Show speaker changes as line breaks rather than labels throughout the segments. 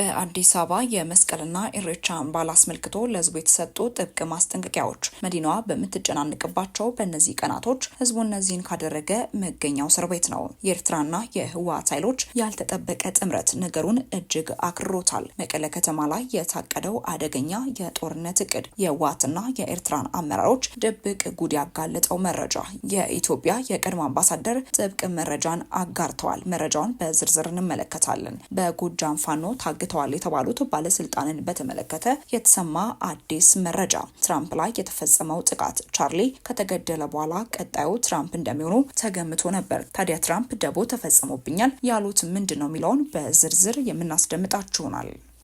bed. የአዲስ አበባ የመስቀልና ኢሬቻ በዓል አስመልክቶ ለህዝቡ የተሰጡ ጥብቅ ማስጠንቀቂያዎች። መዲናዋ በምትጨናንቅባቸው በእነዚህ ቀናቶች ህዝቡ እነዚህን ካደረገ መገኛው እስር ቤት ነው። የኤርትራና የህወሓት ኃይሎች ያልተጠበቀ ጥምረት ነገሩን እጅግ አክርሮታል። መቀለ ከተማ ላይ የታቀደው አደገኛ የጦርነት እቅድ፣ የህወሓትና የኤርትራን አመራሮች ድብቅ ጉድ ያጋለጠው መረጃ። የኢትዮጵያ የቀድሞ አምባሳደር ጥብቅ መረጃን አጋርተዋል። መረጃውን በዝርዝር እንመለከታለን። በጎጃም ፋኖ ታግተዋል ተሳትፈዋል የተባሉት ባለስልጣንን በተመለከተ የተሰማ አዲስ መረጃ ትራምፕ ላይ የተፈጸመው ጥቃት ቻርሊ ከተገደለ በኋላ ቀጣዩ ትራምፕ እንደሚሆኑ ተገምቶ ነበር። ታዲያ ትራምፕ ደቦ ተፈጽሞብኛል ያሉት ምንድን ነው የሚለውን በዝርዝር የምናስደምጣችሁናል።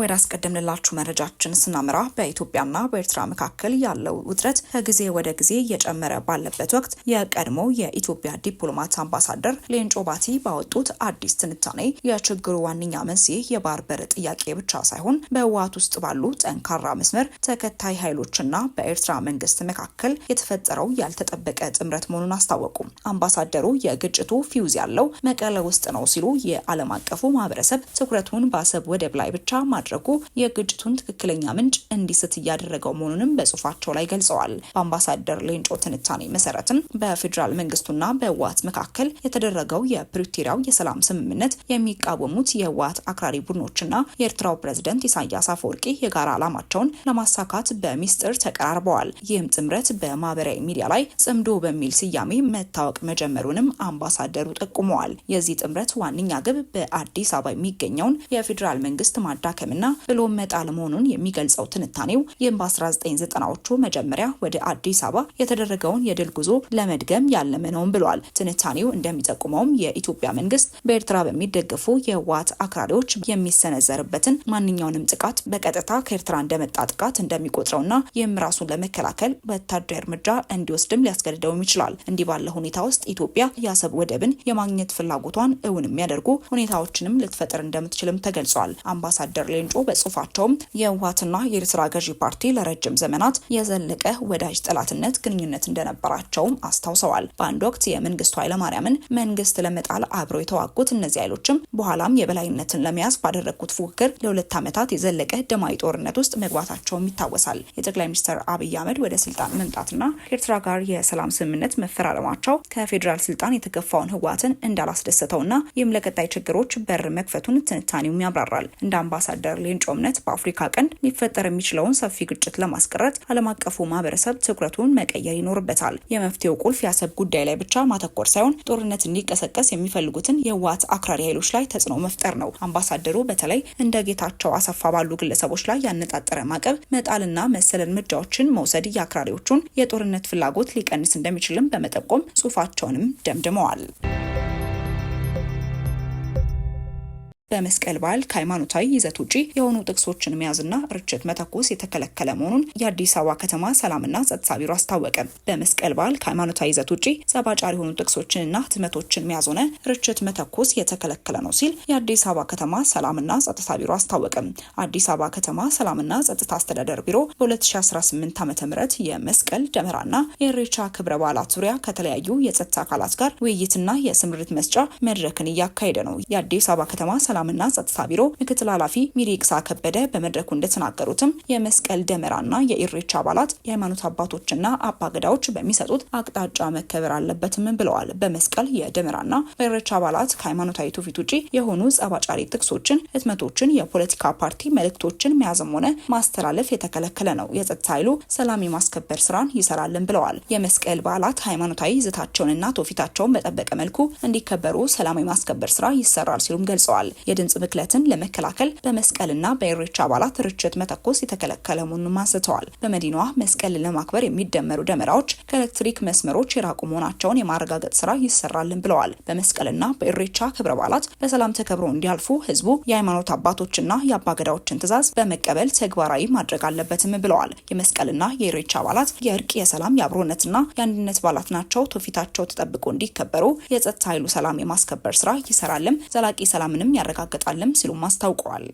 ወደ አስቀደምንላችሁ መረጃችን ስናምራ በኢትዮጵያና በኤርትራ መካከል ያለው ውጥረት ከጊዜ ወደ ጊዜ እየጨመረ ባለበት ወቅት የቀድሞ የኢትዮጵያ ዲፕሎማት አምባሳደር ሌንጮ ባቲ ባወጡት አዲስ ትንታኔ የችግሩ ዋነኛ መንስኤ የባህር በር ጥያቄ ብቻ ሳይሆን በህወሓት ውስጥ ባሉ ጠንካራ መስመር ተከታይ ኃይሎችና በኤርትራ መንግስት መካከል የተፈጠረው ያልተጠበቀ ጥምረት መሆኑን አስታወቁ። አምባሳደሩ የግጭቱ ፊውዝ ያለው መቀለ ውስጥ ነው ሲሉ የዓለም አቀፉ ማህበረሰብ ትኩረቱን በአሰብ ወደብ ላይ ብቻ ማድረግ ማድረጉ የግጭቱን ትክክለኛ ምንጭ እንዲስት እያደረገው መሆኑንም በጽሁፋቸው ላይ ገልጸዋል። በአምባሳደር ሌንጮ ትንታኔ መሰረትም በፌዴራል መንግስቱና በህወሓት መካከል የተደረገው የፕሪቶሪያው የሰላም ስምምነት የሚቃወሙት የህወሓት አክራሪ ቡድኖችና የኤርትራው ፕሬዝደንት ኢሳያስ አፈወርቂ የጋራ ዓላማቸውን ለማሳካት በሚስጥር ተቀራርበዋል። ይህም ጥምረት በማህበራዊ ሚዲያ ላይ ጽምዶ በሚል ስያሜ መታወቅ መጀመሩንም አምባሳደሩ ጠቁመዋል። የዚህ ጥምረት ዋነኛ ግብ በአዲስ አበባ የሚገኘውን የፌዴራል መንግስት ማዳከምና መጣልና ብሎም መጣል መሆኑን የሚገልጸው ትንታኔው ይህም በ1990ዎቹ መጀመሪያ ወደ አዲስ አበባ የተደረገውን የድል ጉዞ ለመድገም ያለመ ነውም ብሏል። ትንታኔው እንደሚጠቁመውም የኢትዮጵያ መንግስት በኤርትራ በሚደገፉ የህወሓት አክራሪዎች የሚሰነዘርበትን ማንኛውንም ጥቃት በቀጥታ ከኤርትራ እንደመጣ ጥቃት እንደሚቆጥረውና ይህም ራሱን ለመከላከል ወታደራዊ እርምጃ እንዲወስድም ሊያስገድደውም ይችላል። እንዲህ ባለ ሁኔታ ውስጥ ኢትዮጵያ የአሰብ ወደብን የማግኘት ፍላጎቷን እውን የሚያደርጉ ሁኔታዎችንም ልትፈጥር እንደምትችልም ተገልጿል። አምባሳደር ሌ ጨምቆ በጽሁፋቸውም የህወሓትና የኤርትራ ገዢ ፓርቲ ለረጅም ዘመናት የዘለቀ ወዳጅ ጠላትነት ግንኙነት እንደነበራቸውም አስታውሰዋል። በአንድ ወቅት የመንግስቱ ኃይለማርያምን መንግስት ለመጣል አብረው የተዋጉት እነዚህ ኃይሎችም በኋላም የበላይነትን ለመያዝ ባደረጉት ፉክክር ለሁለት ዓመታት የዘለቀ ደማዊ ጦርነት ውስጥ መግባታቸውም ይታወሳል። የጠቅላይ ሚኒስትር አብይ አህመድ ወደ ስልጣን መምጣትና ከኤርትራ ጋር የሰላም ስምምነት መፈራረማቸው ከፌዴራል ስልጣን የተገፋውን ህወሓትን እንዳላስደሰተውና ይህም ለቀጣይ ችግሮች በር መክፈቱን ትንታኔውም ያብራራል። እንደ አምባሳደር የአምባሳደር ጮምነት በአፍሪካ ቀንድ ሊፈጠር የሚችለውን ሰፊ ግጭት ለማስቀረት ዓለም አቀፉ ማህበረሰብ ትኩረቱን መቀየር ይኖርበታል። የመፍትሄው ቁልፍ የአሰብ ጉዳይ ላይ ብቻ ማተኮር ሳይሆን ጦርነት እንዲቀሰቀስ የሚፈልጉትን የህወሓት አክራሪ ኃይሎች ላይ ተጽዕኖ መፍጠር ነው። አምባሳደሩ በተለይ እንደ ጌታቸው አሰፋ ባሉ ግለሰቦች ላይ ያነጣጠረ ማዕቀብ መጣልና መሰል እርምጃዎችን መውሰድ የአክራሪዎቹን የጦርነት ፍላጎት ሊቀንስ እንደሚችልም በመጠቆም ጽሁፋቸውንም ደምድመዋል።
በመስቀል በዓል ከሃይማኖታዊ ይዘት ውጪ የሆኑ ጥቅሶችን መያዝና ርችት መተኮስ የተከለከለ መሆኑን የአዲስ አበባ ከተማ ሰላምና ጸጥታ ቢሮ አስታወቀ። በመስቀል በዓል ከሃይማኖታዊ ይዘት ውጪ ጸባጫሪ የሆኑ ጥቅሶችንና ህትመቶችን መያዝ ሆነ ርችት መተኮስ የተከለከለ ነው ሲል የአዲስ አበባ ከተማ ሰላምና ጸጥታ ቢሮ አስታወቀ። አዲስ አበባ ከተማ ሰላምና ጸጥታ አስተዳደር ቢሮ በ2018 ዓ ም የመስቀል ደመራና የኢሬቻ ክብረ በዓላት ዙሪያ ከተለያዩ የጸጥታ አካላት ጋር ውይይትና የስምርት መስጫ መድረክን እያካሄደ ነው። የአዲስ አበባ ከተማ የሰላምና ጸጥታ ቢሮ ምክትል ኃላፊ ሚሪቅሳ ከበደ በመድረኩ እንደተናገሩትም የመስቀል ደመራና የኢሬቻ አባላት የሃይማኖት አባቶችና አባገዳዎች በሚሰጡት አቅጣጫ መከበር አለበትም ብለዋል። በመስቀል የደመራና በኢሬቻ አባላት ከሃይማኖታዊ ትውፊት ውጪ የሆኑ ጸባጫሪ ጥቅሶችን፣ ህትመቶችን፣ የፖለቲካ ፓርቲ መልእክቶችን መያዝም ሆነ ማስተላለፍ የተከለከለ ነው። የጸጥታ ኃይሉ ሰላም የማስከበር ስራን ይሰራልን ብለዋል። የመስቀል በዓላት ሃይማኖታዊ ይዘታቸውንና ትውፊታቸውን በጠበቀ መልኩ እንዲከበሩ ሰላም የማስከበር ስራ ይሰራል ሲሉም ገልጸዋል። የድምፅ ብክለትን ለመከላከል በመስቀልና በኢሬቻ አባላት ርችት መተኮስ የተከለከለ መሆኑንም አንስተዋል። በመዲናዋ መስቀል ለማክበር የሚደመሩ ደመራዎች ከኤሌክትሪክ መስመሮች የራቁ መሆናቸውን የማረጋገጥ ስራ ይሰራልን ብለዋል። በመስቀልና በኢሬቻ ክብረ በዓላት በሰላም ተከብሮ እንዲያልፉ ህዝቡ የሃይማኖት አባቶችና የአባገዳዎችን ትዕዛዝ በመቀበል ተግባራዊ ማድረግ አለበትም ብለዋል። የመስቀልና የኢሬቻ አባላት የእርቅ፣ የሰላም፣ የአብሮነትና የአንድነት በዓላት ናቸው። ትውፊታቸው ተጠብቆ እንዲከበሩ የጸጥታ ኃይሉ ሰላም የማስከበር ስራ ይሰራልም ዘላቂ ሰላምንም ያረጋል እናረጋግጣለን ሲሉም አስታውቀዋል።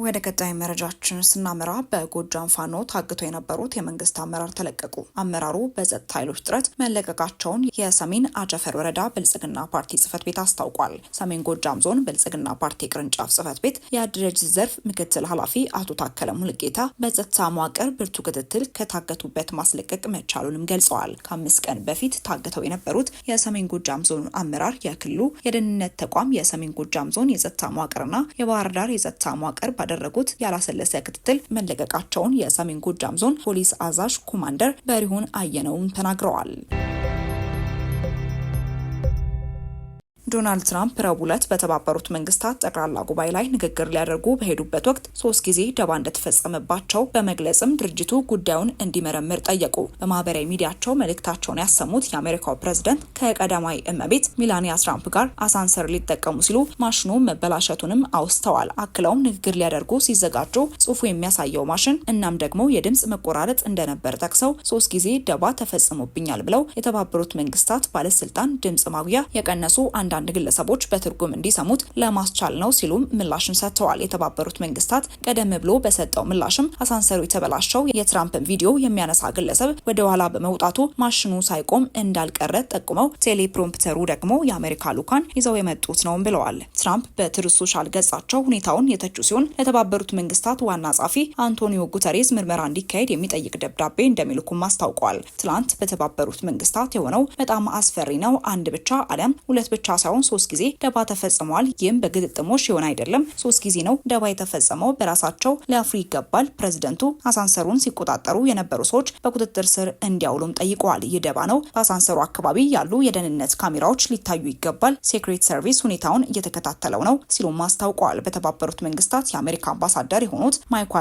ወደ ቀጣይ መረጃችን ስናመራ በጎጃም ፋኖ ታግተው የነበሩት የመንግስት አመራር ተለቀቁ። አመራሩ በጸጥታ ኃይሎች ጥረት መለቀቃቸውን የሰሜን አጀፈር ወረዳ ብልጽግና ፓርቲ ጽህፈት ቤት አስታውቋል። ሰሜን ጎጃም ዞን ብልጽግና ፓርቲ ቅርንጫፍ ጽህፈት ቤት የአደረጅት ዘርፍ ምክትል ኃላፊ አቶ ታከለ ሙልጌታ በጸጥታ መዋቅር ብርቱ ክትትል ከታገቱበት ማስለቀቅ መቻሉንም ገልጸዋል። ከአምስት ቀን በፊት ታግተው የነበሩት የሰሜን ጎጃም ዞን አመራር የክልሉ የደህንነት ተቋም የሰሜን ጎጃም ዞን የጸጥታ መዋቅርና የባህር ዳር የጸጥታ መዋቅር ባደረጉት ያላሰለሰ ክትትል መለቀቃቸውን የሰሜን ጎጃም ዞን ፖሊስ አዛዥ ኮማንደር በሪሁን አየነውም ተናግረዋል።
ዶናልድ ትራምፕ ረቡዕ ዕለት በተባበሩት መንግስታት ጠቅላላ ጉባኤ ላይ ንግግር ሊያደርጉ በሄዱበት ወቅት ሶስት ጊዜ ደባ እንደተፈጸመባቸው በመግለጽም ድርጅቱ ጉዳዩን እንዲመረምር ጠየቁ። በማህበራዊ ሚዲያቸው መልእክታቸውን ያሰሙት የአሜሪካው ፕሬዝደንት ከቀዳማዊ እመቤት ሚላኒያ ትራምፕ ጋር አሳንሰር ሊጠቀሙ ሲሉ ማሽኑ መበላሸቱንም አውስተዋል። አክለውም ንግግር ሊያደርጉ ሲዘጋጁ ጽሁፉ የሚያሳየው ማሽን እናም ደግሞ የድምፅ መቆራረጥ እንደነበር ጠቅሰው ሶስት ጊዜ ደባ ተፈጽሞብኛል ብለው የተባበሩት መንግስታት ባለስልጣን ድምጽ ማጉያ የቀነሱ አንዳንድ አንዳንድ ግለሰቦች በትርጉም እንዲሰሙት ለማስቻል ነው ሲሉም ምላሽን ሰጥተዋል። የተባበሩት መንግስታት ቀደም ብሎ በሰጠው ምላሽም አሳንሰሩ የተበላሸው የትራምፕን ቪዲዮ የሚያነሳ ግለሰብ ወደ ኋላ በመውጣቱ ማሽኑ ሳይቆም እንዳልቀረ ጠቁመው ቴሌፕሮምፕተሩ ደግሞ የአሜሪካ ሉካን ይዘው የመጡት ነውም ብለዋል። ትራምፕ በትሩዝ ሶሻል ገጻቸው ሁኔታውን የተቹ ሲሆን ለተባበሩት መንግስታት ዋና ጸሐፊ አንቶኒዮ ጉተሬዝ ምርመራ እንዲካሄድ የሚጠይቅ ደብዳቤ እንደሚልኩም አስታውቋል። ትላንት በተባበሩት መንግስታት የሆነው በጣም አስፈሪ ነው፣ አንድ ብቻ አለም ሁለት ብቻ ሳይሆን እስካሁን ሶስት ጊዜ ደባ ተፈጽሟል። ይህም በግጥጥሞሽ ይሆን አይደለም። ሶስት ጊዜ ነው ደባ የተፈጸመው። በራሳቸው ሊያፍሩ ይገባል። ፕሬዝደንቱ አሳንሰሩን ሲቆጣጠሩ የነበሩ ሰዎች በቁጥጥር ስር እንዲያውሉም ጠይቀዋል። ይህ ደባ ነው። በአሳንሰሩ አካባቢ ያሉ የደህንነት ካሜራዎች ሊታዩ ይገባል። ሴክሬት ሰርቪስ ሁኔታውን እየተከታተለው ነው ሲሉም አስታውቀዋል። በተባበሩት መንግስታት የአሜሪካ አምባሳደር የሆኑት ማይክ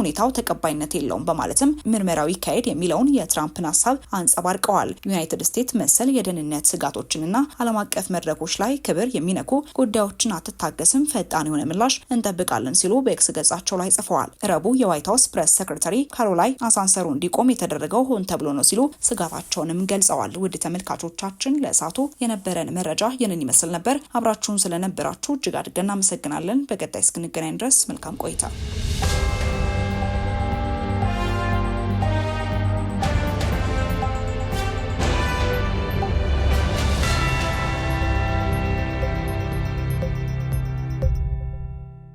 ሁኔታው ተቀባይነት የለውም በማለትም ምርመራው ይካሄድ የሚለውን የትራምፕን ሀሳብ አንጸባርቀዋል። ዩናይትድ ስቴትስ መሰል የደህንነት ስጋቶችንና ዓለም አቀፍ መድረኮች ዜጎች ላይ ክብር የሚነኩ ጉዳዮችን አትታገስም፣ ፈጣን የሆነ ምላሽ እንጠብቃለን ሲሉ በኤክስ ገጻቸው ላይ ጽፈዋል። ረቡ የዋይት ሀውስ ፕሬስ ሴክሬታሪ ካሮላይ አሳንሰሩ እንዲቆም የተደረገው ሆን ተብሎ ነው ሲሉ ስጋታቸውንም ገልጸዋል። ውድ ተመልካቾቻችን ለእሳቱ የነበረን መረጃ ይህንን ይመስል ነበር። አብራችሁን ስለነበራችሁ እጅግ አድርገን እናመሰግናለን። በቀጣይ እስክንገናኝ ድረስ መልካም ቆይታ